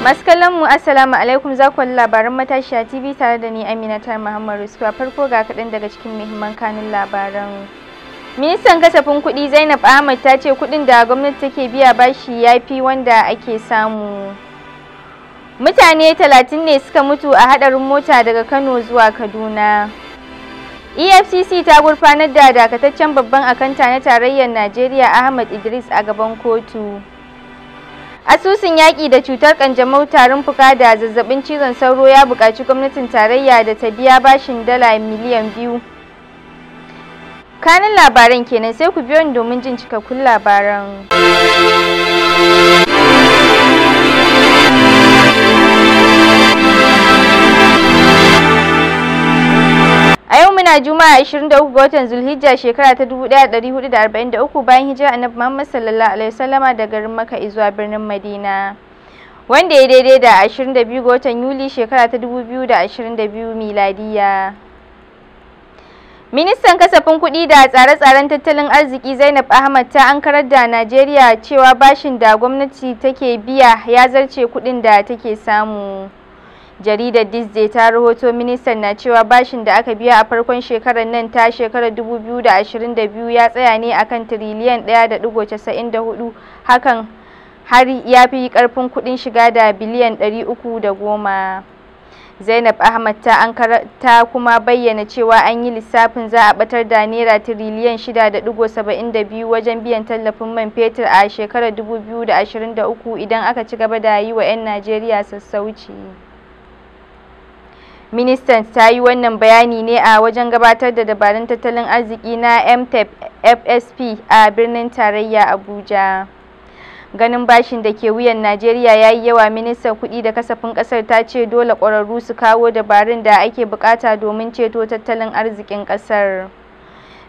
Maskalan mu assalamu alaikum za ku labaran matashiya TV tare da ni Amina Tar Muhammad farko ga kaɗan daga cikin muhimman kanun labaran. Ministan kasafin kuɗi Zainab Ahmad ta ce kuɗin da gwamnati take biya bashi ya fi wanda ake samu. Mutane talatin ne suka mutu a haɗarin mota daga Kano zuwa Kaduna. EFCC ta gurfanar da dakataccen babban akanta na tarayyar Najeriya Ahmad Idris a gaban kotu. Asusun yaƙi da cutar ƙanjamau tarin fuka da zazzabin cizon sauro ya buƙaci gwamnatin tarayya da ta biya bashin dala miliyan biyu. Kanin labaran kenan sai ku biyo domin jin cikakkun labaran. yau muna Juma'a 23 ga watan Zulhijja shekara ta 1443 bayan hijira Annabi Muhammad sallallahu alaihi wasallama daga garin Makka zuwa birnin Madina. Wanda ya daidai da 22 ga watan Yuli shekara ta 2022 miladiya. Ministan kasafin kuɗi da tsare-tsaren tattalin arziki Zainab Ahmad ta ankarar da Najeriya cewa bashin da gwamnati take biya ya zarce kuɗin da take samu. jaridar disney ta rahoto ministan na cewa bashin da aka biya a farkon shekarar nan ta shekarar 2022 ya tsaya ne akan tiriliyan 1.94 hakan har ya fi karfin kudin shiga da biliyan 310 Zainab Ahmad ta Ankara ta kuma bayyana cewa an yi lissafin za a batar da naira tiriliyan 6.72 wajen biyan tallafin man fetur a shekarar 2023 idan aka ci gaba da yi wa 'yan Najeriya sassauci. Ministan ta yi wannan bayani ne a wajen gabatar da dabarun tattalin arziki na MTEP FSP a birnin tarayya Abuja. Ganin bashin da ke wuyan Najeriya ya yi yawa ministan kuɗi da kasafin ƙasar ta ce dole ƙwararru su kawo dabarun da ake buƙata domin ceto tattalin arzikin ƙasar.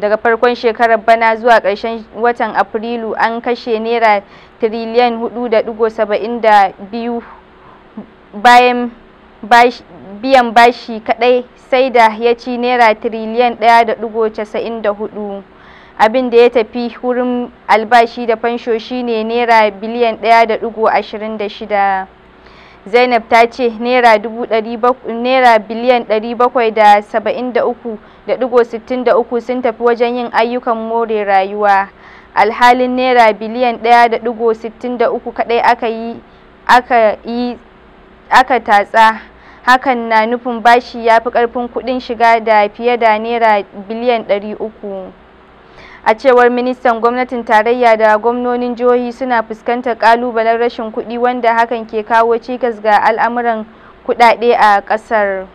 daga farkon shekarar bana zuwa ƙarshen watan Afrilu an kashe naira tiriliyan 4.72 bayan biyan bashi kadai sai da ya ci naira tiriliyan 1.94 abin da ya tafi wurin albashi da fansho shine naira biliyan 1.26 zainab ta ce naira biliyan 773.63 sun tafi wajen yin ayyukan more rayuwa alhalin naira biliyan 1.63 kadai aka yi aka tatsa hakan na nufin bashi ya fi ƙarfin kuɗin shiga da fiye da naira biliyan 300 a cewar ministan gwamnatin tarayya da gwamnonin jihohi suna fuskantar ƙalubalen rashin kuɗi wanda hakan ke kawo cikas ga al'amuran kuɗaɗe a ƙasar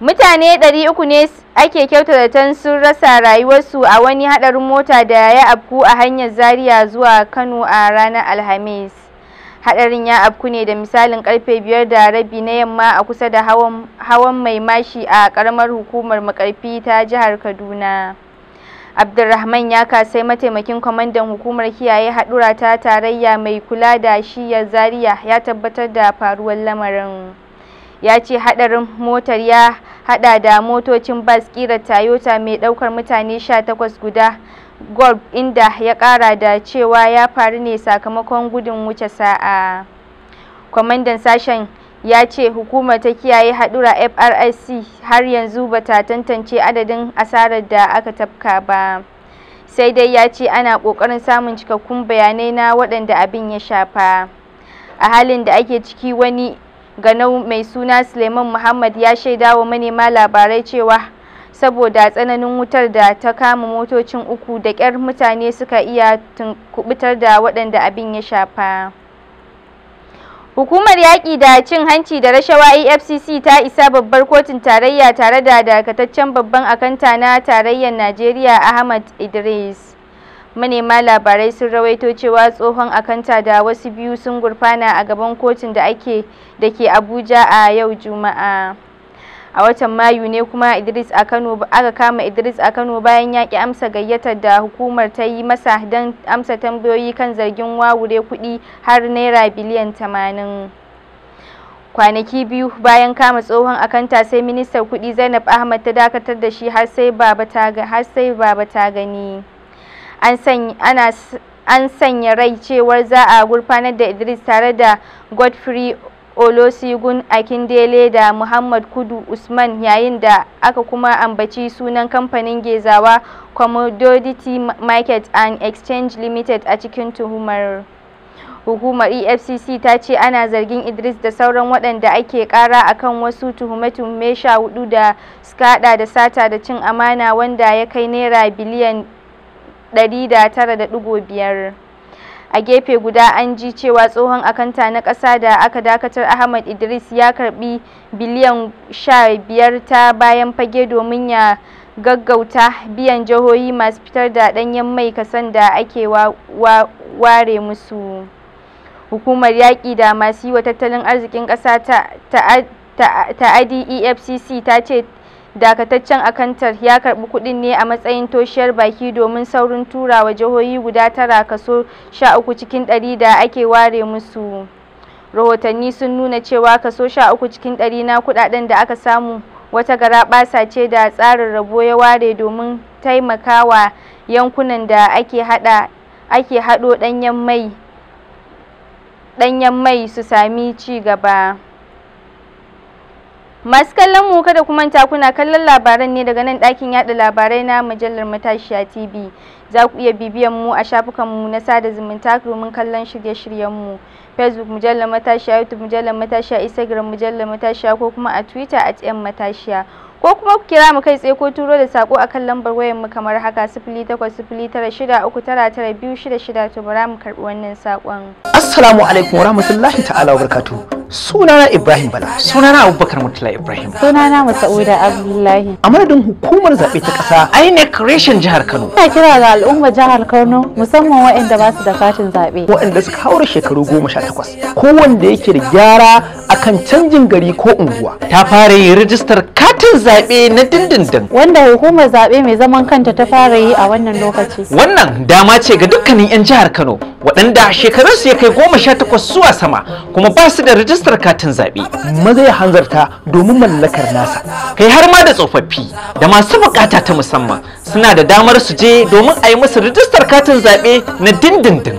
mutane 300 ne ake kyautata tan sun rasa rayuwarsu a wani haɗarin mota da ya afku a hanyar zaria zuwa kano a ranar alhamis Hadarin ya afku ne da misalin karfe biyar da rabi na yamma a kusa da hawan mai mashi a karamar hukumar makarfi ta jihar Kaduna. Abdulrahman ya kasai mataimakin kwamandan hukumar kiyaye hadura ta tarayya mai kula da shiyar Zaria ya tabbatar da faruwar lamarin. ya ce hadarin motar ya hada da motocin bas kira tayota mai daukar mutane 18 guda golf inda ya kara da cewa ya faru ne sakamakon gudun wuce sa'a kwamandan sashen ya ce hukumar ta kiyaye hadura FRSC har yanzu ba ta tantance adadin asarar da aka tafka ba sai dai ya ce ana kokarin samun cikakkun bayanai na waɗanda abin ya shafa a halin da ake ciki wani ganau mai suna Suleiman Muhammad ya shaidawa manema labarai cewa saboda tsananin wutar da ta kama motocin uku da ƙyar mutane suka iya kubutar da waɗanda abin ya shafa Hukumar yaƙi da cin hanci da rashawa EFCC ta isa babbar kotun tarayya tare da dakataccen babban akanta na tarayyar Najeriya Ahmad Idris. Manema labarai sun rawaito cewa tsohon akanta da wasu biyu sun gurfana a gaban kotun da ake da ke Abuja a yau Juma'a. a watan mayu ne kuma idris a kano aka kama idris a kano bayan ya amsa gayyatar da hukumar ta yi masa don amsa tambayoyi kan zargin wawure kuɗi har naira biliyan tamanin kwanaki biyu bayan kama tsohon akanta sai ministan kuɗi zainab ahmad ta dakatar da shi har sai baba ta gani an sanya an sanya rai cewar za a gurfanar da idris tare da godfrey olosigun Akindele da Muhammad Kudu Usman yayin da aka kuma ambaci sunan kamfanin Gezawa Commodity Market and Exchange Limited a cikin tuhumar. Hukumar EFCC ta ce ana zargin Idris da sauran waɗanda ake ƙara akan wasu tuhume-tuhume sha hudu da skada da sata da cin amana wanda ya kai naira biliyan 900.5. a gefe guda an ji cewa tsohon akanta na ƙasa da aka dakatar ahmad idris ya karbi biliyan sha biyar ta bayan fage domin ya gaggauta biyan jihohi masu fitar da ɗanyen mai kasan da ake ware musu hukumar yaƙi da masu yi wa tattalin arzikin ƙasa ta, adi efcc ta ce dakataccen akantar ya karbi kudin ne a matsayin toshiyar baki domin saurin tura wa jihohi guda tara kaso sha uku cikin ɗari da ake ware musu rahotanni sun nuna cewa kaso sha uku cikin ɗari na kudaden da aka samu wata gara basa ce da tsarin rabo ya ware domin taimakawa yankunan da ake ake haɗo ɗanyen mai su sami ci gaba Masu kallon mu kada kuma ta kuna kallon labaran ne daga nan ɗakin yaɗa labarai na mujallar Matashiya TV. Za ku iya bibiyan mu a shafukan mu na sada zumunta domin kallon shirye-shiryen mu. Facebook mujallar Matashiya, YouTube mujallar Matashiya, Instagram mujallar Matashiya ko kuma a Twitter at Matashiya. Ko kuma ku kira mu kai tsaye ko turo da sako akan lambar wayar mu kamar haka shida to bara mu karbi wannan sakon. Assalamu alaikum warahmatullahi ta'ala wabarakatuh. sunana ibrahim bala sunana abubakar mutula ibrahim sunana masauda abdullahi a madadin hukumar zaɓe ta ƙasa inec reshen jihar kano ina kira ga al'umma jihar kano musamman waɗanda ba su da katin zaɓe waɗanda suka haura shekaru goma sha takwas ko wanda yake da gyara akan canjin gari ko unguwa ta fara yin rijistar cin zaɓe na dindindin. Wanda hukumar zaɓe mai zaman kanta ta fara yi a wannan lokaci. Wannan dama ce ga dukkanin 'yan jihar Kano waɗanda shekarunsu ya kai goma sha takwas zuwa sama kuma ba su da rijistar katin zaɓe. Maza ya hanzarta domin mallakar nasa. Kai har ma da tsofaffi da masu buƙata ta musamman suna da damar su je domin a yi musu rijistar katin zaɓe na dindindin.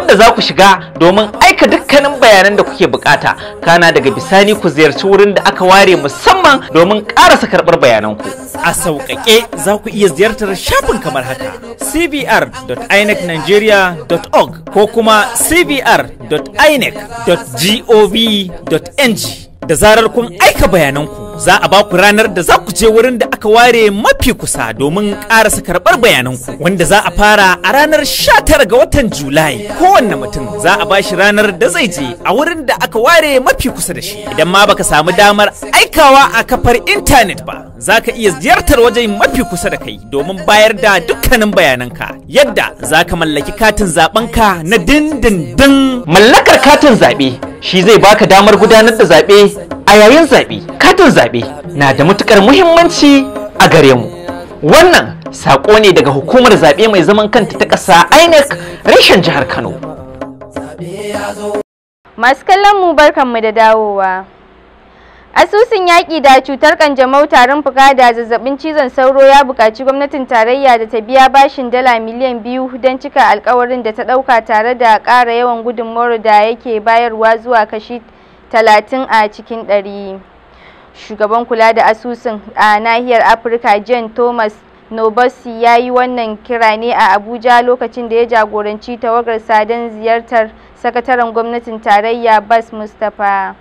da za ku shiga domin aika dukkanin bayanan da kuke bukata kana daga bisani ku ziyarci wurin da aka ware musamman domin karasa bayanan bayananku a sauƙaƙe za ku iya ziyartar shafin kamar haka cbr.inecnigeria.org ko kuma cbr.inec.gov.ng da zarar kun aika bayananku za a baku ranar da za ku je wurin da aka ware mafi kusa domin karasa karɓar bayananku wanda za a fara a ranar 19 ga watan julai kowanne mutum za a bashi ranar da zai je a wurin da aka ware mafi kusa da shi idan ma baka samu damar aikawa a kafar intanet ba za ka iya ziyartar wajen mafi kusa da kai domin bayar da dukkanin bayananka yadda za ka mallaki katin zaɓenka na dindindin mallakar katin zaɓe shi zai baka damar gudanar da zaɓe a yayin zaɓe katin zaɓe na da matukar muhimmanci a gare mu wannan saƙo ne daga hukumar zaɓe mai zaman kanta ta ƙasa inec reshen jihar kano masu kallon mu barkanmu da dawowa asusun yaƙi da cutar kanjamau tarin fuka da zazzabin cizon sauro ya buƙaci gwamnatin tarayya da ta biya bashin dala miliyan biyu don cika alkawarin da ta ɗauka tare da ƙara yawan gudunmawar da yake bayarwa zuwa kashi talatin a cikin ɗari shugaban kula da asusun a nahiyar afirka jen thomas nobasi ya yi wannan kira ne a abuja lokacin da ya jagoranci tawagar sadan ziyartar sakataren gwamnatin tarayya bas mustapha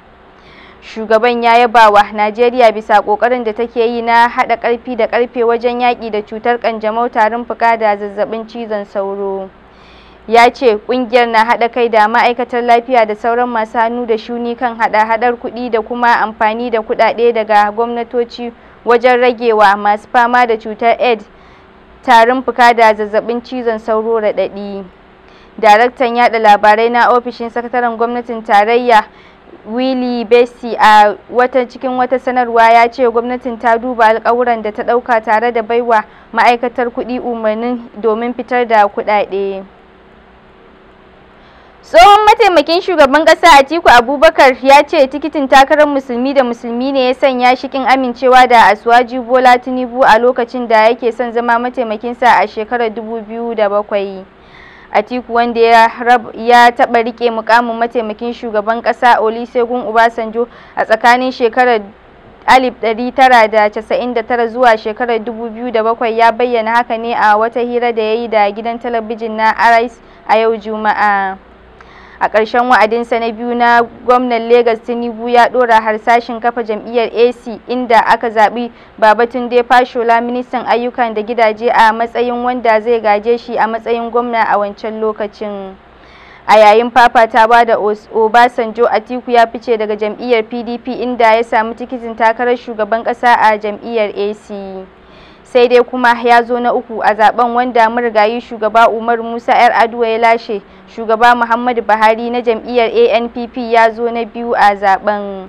shugaban ya yaba wa najeriya bisa kokarin da take yi na hada karfi da karfe wajen yaki da cutar kanjamau tarin fuka da zazzabin cizon sauro ya ce kungiyar na haɗa kai da ma'aikatar lafiya da sauran masu hannu da shuni kan haɗa-haɗar kuɗi da kuma amfani da kuɗaɗe daga gwamnatoci wajen ragewa masu fama da cutar aids tarin fuka da zazzabin cizon sauro raɗaɗi daraktan yada labarai na ofishin sakataren gwamnatin tarayya Willy besi a wata cikin wata sanarwa ya ce gwamnatin ta duba alkawuran da ta ɗauka tare da baiwa ma'aikatar kuɗi umarnin domin fitar da kuɗaɗe. tsohon mataimakin shugaban kasa atiku abubakar ya ce tikitin takarar musulmi da musulmi ne ya sanya shi kin amincewa da asuwaji bola tinubu a lokacin da yake son zama mataimakin sa a shekarar 2007 atiku wanda ya taba rike mukamin mataimakin shugaban kasa olusegun obasanjo a tsakanin shekarar 1999 zuwa shekarar 2007 ya bayyana haka ne a wata hira da ya yi da gidan talabijin na arise a yau juma'a a ƙarshen wa'adin sa na biyu na gwamnan Legas Tinubu ya ɗora harsashin kafa jam'iyyar AC inda aka zaɓi Babatunde Fashola ministan ayyukan da gidaje a matsayin wanda zai gaje shi a matsayin gwamna a wancan lokacin. a yayin papa ba da Obasanjo Atiku ya fice daga jam'iyyar PDP inda ya samu tikitin takarar shugaban ƙasa a jam'iyyar AC. Sai dai kuma ya zo na uku a zaben wanda marigayi shugaba Umar Musa 'yar Aduwa ya lashe shugaba muhammadu buhari na jam'iyyar anpp ya zo na biyu a zaben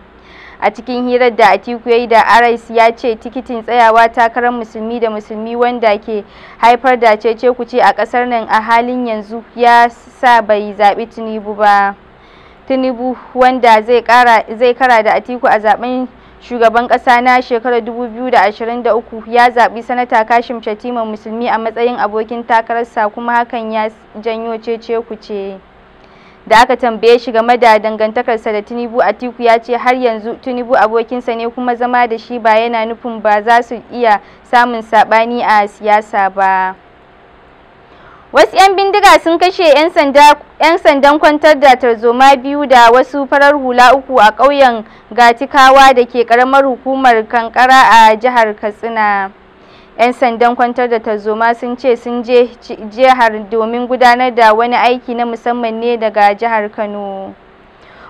a cikin hirar da atiku ya yi da arais ya ce tikitin tsayawa takarar musulmi da musulmi wanda ke haifar da cece kuce a kasar nan a halin yanzu ya sa bai zabi tinubu ba tinubu wanda zai kara da atiku a zaben shugaban ƙasa na shekarar 2023 ya zaɓi sanata kashim shatima musulmi a matsayin abokin takararsa kuma hakan ya janyo cece kuce da aka tambaye shi game da dangantakarsa da tinubu atiku ya ce har yanzu tinubu abokinsa ne kuma zama da shi ba yana nufin ba za su iya samun saɓani a siyasa ba Wasu 'yan bindiga sun kashe 'yan sandan kwantar da tarzoma biyu da wasu farar hula uku a ƙauyen Gatikawa da ke ƙaramar hukumar Kankara a jihar Katsina. 'Yan sandan kwantar da tarzoma sun ce sun je jihar domin gudanar da wani aiki na musamman ne daga jihar Kano.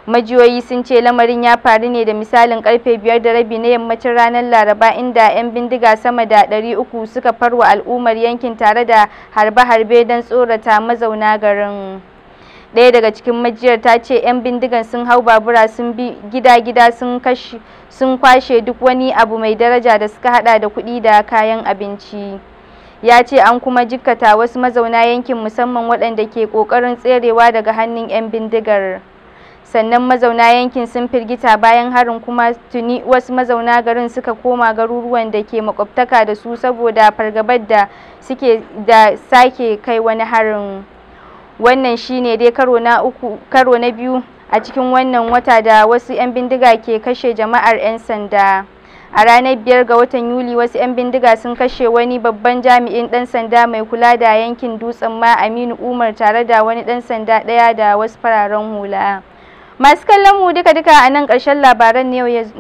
majiyoyi sun ce lamarin ya faru ne da misalin karfe biyar da rabi na yammacin ranar laraba inda 'yan bindiga sama da ɗari uku suka farwa al'ummar yankin tare da harbe-harbe don tsorata mazauna garin ɗaya daga cikin majiyar ta ce 'yan bindigan sun hau babura sun bi gida-gida sun kwashe duk wani abu mai daraja da suka hada da kuɗi da kayan abinci ya ce an kuma jikkata wasu mazauna yankin musamman waɗanda ke ƙoƙarin tserewa daga hannun 'yan bindigar sannan mazauna yankin sun firgita bayan harin kuma tuni wasu mazauna garin suka koma garuruwan da ke makwabtaka da su saboda fargabar da suke da sake kai wani harin wannan shine dai karo na uku karo na biyu a cikin wannan wata da wasu 'yan bindiga ke kashe jama'ar 'yan sanda a ranar biyar ga watan yuli wasu 'yan bindiga sun kashe wani babban jami'in dan sanda mai kula da yankin dutsen ma aminu umar tare da wani dan sanda daya da wasu fararen hula masu kallon mu duka duka a nan ƙarshen labaran ne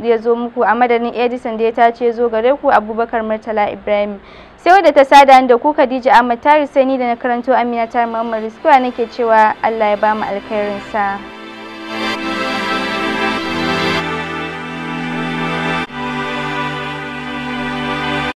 ya zo muku a madadin edison da ya tace zo gare ku abubakar murtala ibrahim sai wadda ta sada da ku khadija ahmad ta sai ni da na karanto amina tar muhammad riskuwa nake cewa allah ya ba mu alkhairinsa